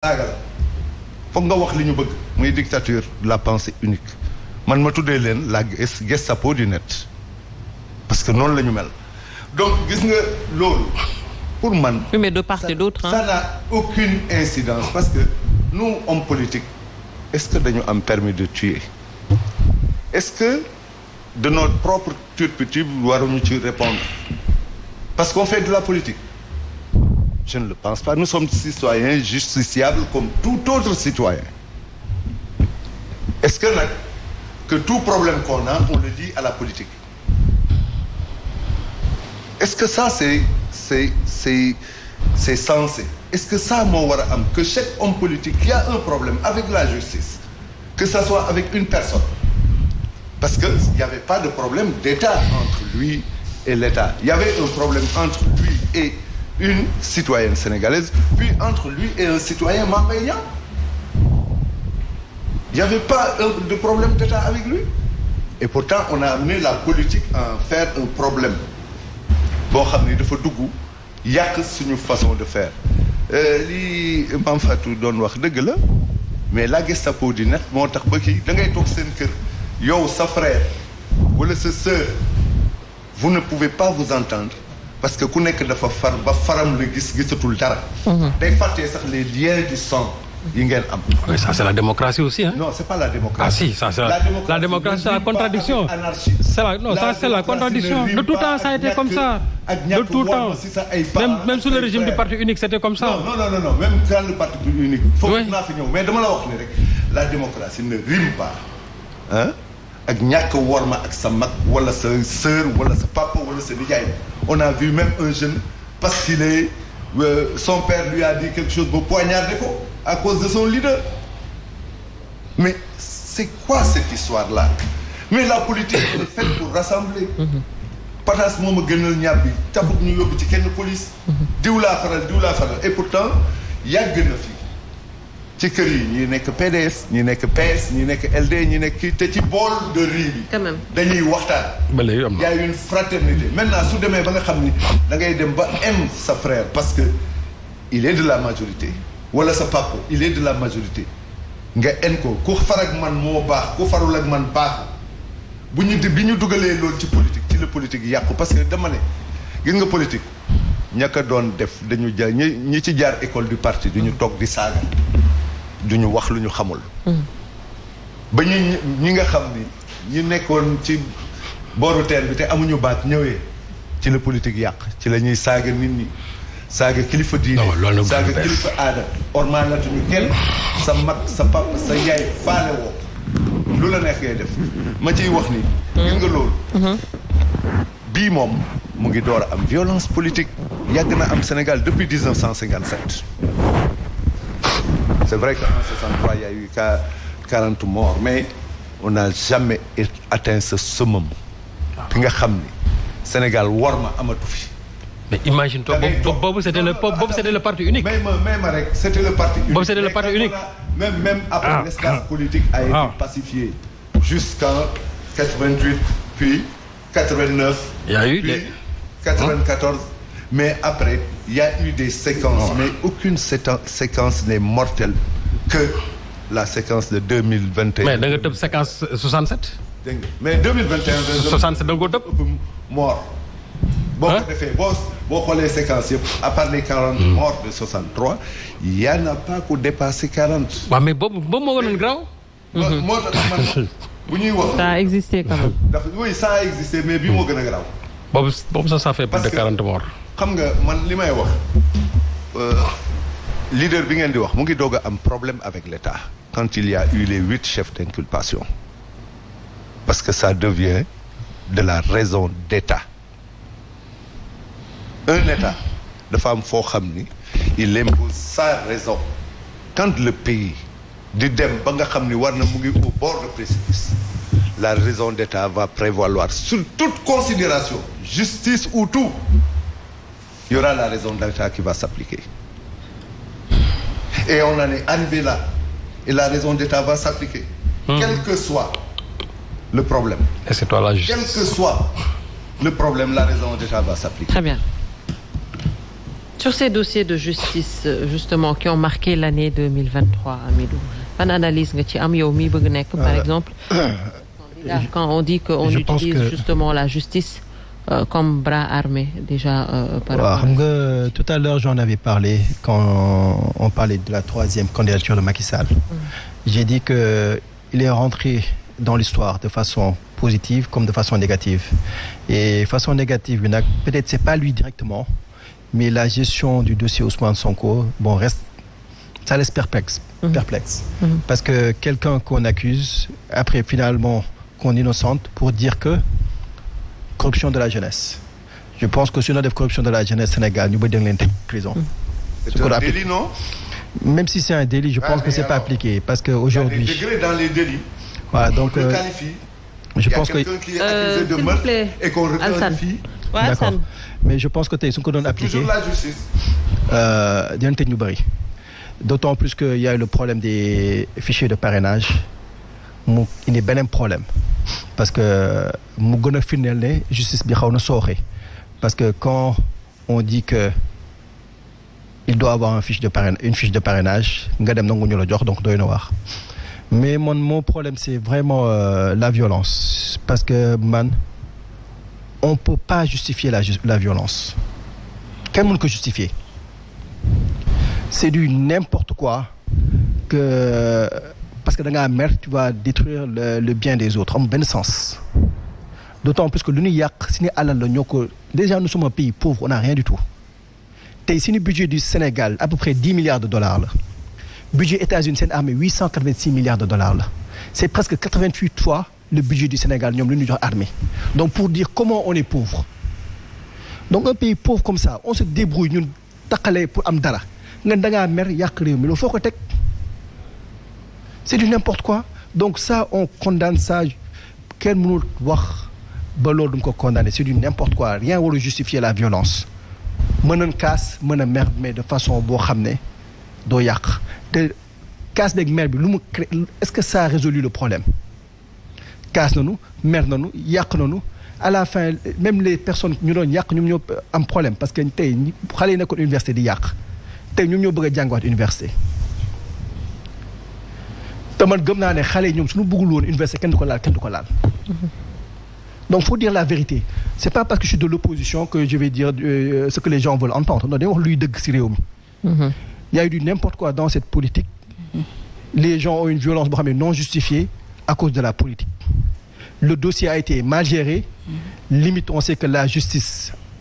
saaga la foog nga wax li ñu bëgg muy dictature de la pensée unique man ma tuddee leen la Gestapo du net parce que noonu la ñu mel donc gis nga loolu pour man oui, mais de part et d'autre ça n'a aucune incidence parce que nous hommes politique est-ce que dañu am permis de tuer est-ce que de notre propre turpitude waruñu ci répondre parce qu'on fait de la politique Je ne le pense pas. Nous sommes citoyens justiciables comme tout autre citoyen. Est-ce que nag que tout problème qu'on a on le dit à la politique est-ce que ça c'est c'est c'est c'est censé est-ce que ça moo war a am que chaque homme politique qui a un problème avec la justice que ça soit avec une personne parce que il n'y avait pas de problème d'État entre lui et l'État il y avait un problème entre lui et une citoyenne sénégalaise, puis entre lui et un citoyen mambéyan. Il n'y avait pas de problème d'État avec lui. Et pourtant, on a amené la politique à en faire un problème. Bon, il n'y a que une façon de faire. Euh, li Mame Fatou doon wax dëgg la mais la Gestapo di net moo tax ba kii da ngay toog seen kër yow sa frère wala sa sœur vous ne pouvez pas vous entendre parce que ku nekk dafa far ba faram la gis gisatul dara. Mhm. day fàttee sax les liens du sang. yi ngeen am. mais c'est la démocratie aussi c'est la démocratie. ah c'est la contradiction. c'est la non c'est la contradiction de tout temps ça a été comme ça. de tout régime du parti unique c'était comme ça. non non non non même dans le parti unique. foofu naa fi ñëw mais dama la wax ni rek la démocratie ne rime ak ñàkk worma ak sa mag wala sa sœur wala sa papa wala sa nijaay on a vu même un jeune parce qu'il est euh, son père lui a dit quelque chose ba poignardé ko à cause de son leader mais c'est quoi cette histoire là mais la politique elle est pour rassembler mm-hmm. patas moom a gënal ñaar bi taxut ñu yóbbu ci kenn police mm-hmm. diw laa faral diw laa et pourtant yàgg na fi ci kër yi ñi nekk PDS ñi nekk PS ñi nekk LD ñi nekk kii te ci bool de riz bi. dañuy waxtaan. ba léegi am na y a su demee ba nga xam ni da ngay dem ba aime sa frère parce que il est de la majorité wala sa papa il est de la majorité nga en ko ku far ak man moo baax ku farul ak man baaxul bu ñu bi ñu dugalee loolu ci politique ci la politique yàqu parce que dama ne gis nga politique ña ko doon def dañu jaar ñi ñi ci jaar école du partie du ñu toog di du ñu wax lu ñu xamul. ba ñi ñi nga xam ni ñu nekkoon ci booru teen bi te amuñu baat ñëwee ci la politique yàq ci la ñuy saaga nit ñi saaga kilifa diine saaga kilifa aada ormaalatuñu kenn sa mag sa papa sa yaay faale woo lu la neex ngay def ma ciy wax ni gis nga loolu bii moom mu ngi door a am violence politique yàgg na am Sénégal depuis 1957 C'est vrai qu'en 1963, il y a eu 40 morts, mais on n'a jamais atteint ce summum. bi nga xam ni Sénégal war ma amatu fi. mais imagine toi boobu boobu c'était le boobu c'était le parti unique. même même rek c'était le parti unique. boobu c'était le parti unique. même même après ah, l'espace ah. politique a été ah. pacifié. jusqu'en 88 puis 89. il y a eu des puis 94. mais après ya y a eu des séquences mais aucune séquence n'est mortelle que la séquence de 2021 mais da nga tëb séquence 67 dégg nga mais 2021 67 da nga ko tëb mort boo defee boo boo xoolee séquence yëpp à part les 40 hmm. morts de 63 il y a mais boobu boobu moo gënoon graw moo mhm. bu ñuy wax ça a existé quand même dafa oui ça a existé mais bii moo gën a graw boobu boobu sax ça fait plus de 40 morts xam nga man li may wax euh, leader bi ngeen di wax mu ngi doog a am problème avec l'État quand il y a eu les huit chefs d'inculpation parce que ça devient de la raison d'État un État dafa am foo xam ni il impose sa raison quand le pays di dem ba nga xam ni war na mu ngi au bord de précipice la raison d'État va prévaloir sur toute considération justice ou tout il y aura la raison d'État la raison d'État va s'appliquer. Mmh. Quel que soit le problème. Et la justice. Quel que soit le problème, la raison d'État va s'appliquer. Très bien. Sur ces dossiers de justice, nga ci am yow mi bëgg nekk par euh, exemple. Euh, la justice. Euh, comme bras armé déjà. Euh, par rapport waaw xam nga tout à l'heure j'en avais parlé quand on parlait de la troisième candidature de Macky Sall. Mm. j'ai dit que il est rentré dans l'histoire de façon positive comme de façon négative et façon négative bi nag peut-être c'est pas lui directement mais la gestion du dossier Ousmane Sonko bon reste ça laisse perplexe mm-hmm. perplexe mmh. parce que quelqu'un qu'on accuse après finalement qu'on innocente pour dire que corruption de la jeunesse je pense que su ñu def corruption de la jeunesse Sénégal ñu bëri dañ leen tëj prison. Mm. su ko appliqué même si c'est un délit je ah, pense que c'est alors, pas appliqué parce que aujourd'hui euh, il je pense que qui est accusé euh, de meurtre d'accord mais je pense que tey su ñu ko doon appliqué toujours euh, ñu bëri d'autant plus que y problème des fichiers de parrainage. mu indi beneen problème parce que mu gën a firndeel ne justice bi xaw na sooxe parce que quand on dit que il doit avoir une fiche de parrainage nga dem nangu ñu la jox donc doy na wax mais mon mon problème c'est vraiment euh, la violence parce que man on peut pas justifier la la violence kenn mënu ko justifier c'est du n'importe quoi que parce que da ngaa mer tu bien des autres am benn sens d'autant plus que lu ñu yàq si ni alal la ñoo ko déjà nous sommes un pays pauvre Sénégal à peu près dix milliards de dollars la budget États-Unis seen armée huit cent quatre-vingt-six milliards de dollars la c'est presque quatre-vingt-huit fois le budget du Sénégal ñoom lu ñu jox armée donc pour dire comment pour am dara nga yàq réew foo ko teg c'est du n'importe quoi donc ça on condamne ça kenn mënul wax ba loolu duñ ko condamner c'est du n'importe quoi rien waru justifier la violence mën a kaas mën a mer mais de façon boo xam ne doo yàq te kaas de mer bi lu mu est-ce que ça a résolu le problème kaas nañu mer nu yàq nañu à la fin même les personnes ñu doon yàq ñoom ñoo am problème parce que tey xale yi ko université di yàq tey ñoom ñoo bëgg a jàngiwaat université te man gëm naa ne xale yi ñoom suñu bëggul woon université kenn du ko kenn du ko donc faut dire la vérité c'est pas parce que je suis de l'opposition que je vais dire euh, ce que les gens veulent entendre non day wax luy dëgg ci mm-hmm. il y a eu du n'importe quoi dans cette politique les gens ont une violence boo xam non justifiée à cause de la politique le dossier a été mal géré mm-hmm. limite on sait que la justice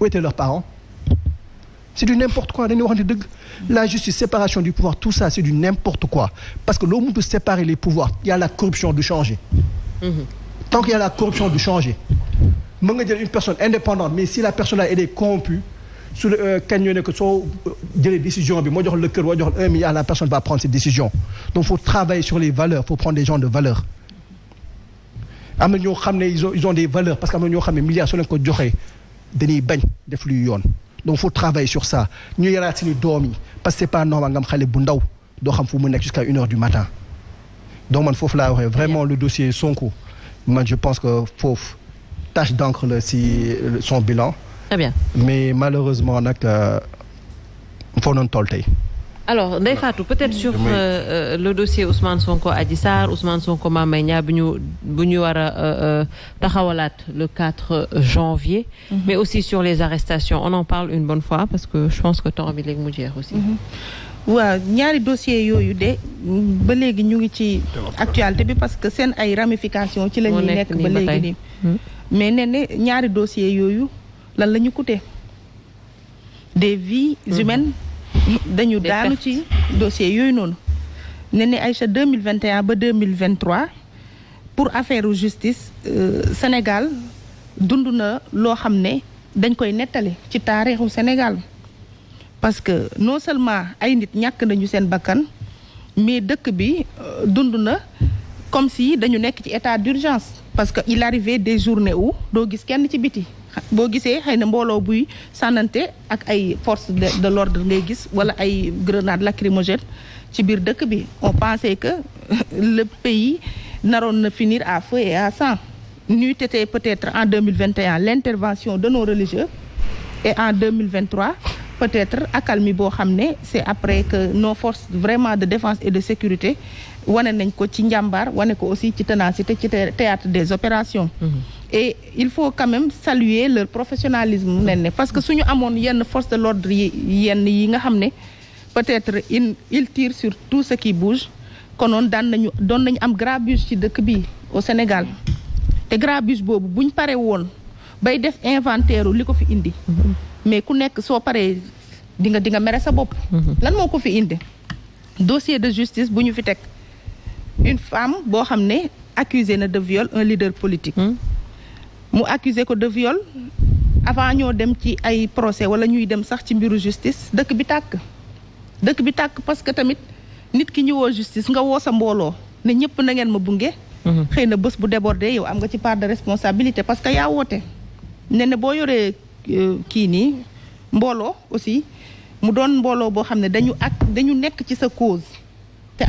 où étaient leurs parents c'est du n'importe dëgg la justice séparation du pouvoir tout ça c'est du n'importe quoi parce que loo mënut séparer les pouvoirs il y a la corruption du changer mm-hmm. tant qu'il y a la corruption du changer nga jël une personne indépendante mais si la personne là elle est corrompue su la euh, kañ ñoo ne que soo euh, jëlee décision bi moo jox le cœur wala jox un milliard la personne va prendre cette décision donc faut travailler sur les valeurs faut prendre des gens de valeur am na ñoo xam ne ils ont ils parce que am na ñoo ko joxee dañuy bañ def luy yoon donc faut travailler sur ça ñu yaraat suñu doom yi parce que c'est pas normal nga am xale bu ndaw doo xam mu nekk jusqu'à une heure du matin donc man foofu laa waxee vraiment le dossier Sonko ma je pense que foofu tache d'encre la si son bilan. très bien mais malheureusement nag euh, foo noonu toll tey. alors Ndeye Fatou peut-être sur euh, euh, le dossier Ousmane Sonko Adji Sarr Ousmane Sonko Mame Mbaye Niang bu ñu bu ñu war a euh, euh, taxawalaat le 4 janvier. Mm mais aussi sur les arrestations on en parle une bonne fois parce que je pense que temps bi léegi mu jeex aussi. Mhm. waaw ñaari dossier yooyu de ba léegi ñu ngi ci actualité bi parce que seen ay ramifications ci la ñuy nekk ba léegi nii. Hmm. mais nee ne ñaari dossier yooyu lan la ñu coûté des vies hmm. humaines. dañu daanu ci dossier yooyu noonu ne ne Aïcha 2021 ba 2023 pour affaire justice euh, Sénégal dund na loo xam ne dañ koy nettali ci taarixu Sénégal parce que non seulement ay nit ñàkk nañu seen bakkan mais dëkk bi euh, dund na comme si dañu nekk ci état d'urgence parce que il arrivait des journées wu doo gis kenn ci biti boo gisee xëy na mbooloo buy sànnante ak ay force de de l'ordre ngay gis wala ay grenade lacrymogène ci biir dëkk bi on pensait que le pays naroon na finir à feu et à sang ñu tete peut-être en 2021 l'intervention de nos religieux et en 2023 peut-être accalmie boo xam ne c'est après que nos force vraiment de défense et de sécurité wane nañ ko ci njàmbaar wane ko aussi ci ténacité ci théâtre des opérations mmh. il faut quand même saluer leur professionalisme mu nen ne parce que suñu amoon yenn force de l'ordre yi yenn yi nga xam ne peut-être in il tire sur tout ce qui bouge konoon daan nañu doon nañu am grabuge ci dëkk bi au Sénégal te grabuge boobu buñ pare woon bay def inventaire li ko fi indi mais ku nekk soo paree di nga di nga mere sa bopp lan moo ko fi indi dossier de justice bu ñu fi teg une femme boo xam ne accusée na de viol un leader politique mu accuser ko de viol avant ñoo dem ci ay procès wala ñuy dem sax ci mbiru justice dëkk bi tàkk dëkk bi tàkk parce que tamit nit ki ñu woo justice nga woo sa mbooloo ne ñëpp na ngeen ma bunge mhm. xëy na bés bu débordé yow am nga ci part de responsabilité parce que yaa woote ne ne boo yoree euh, kii nii mbooloo aussi mu doon mbooloo boo xam ne dañu ak dañu nekk ci sa cause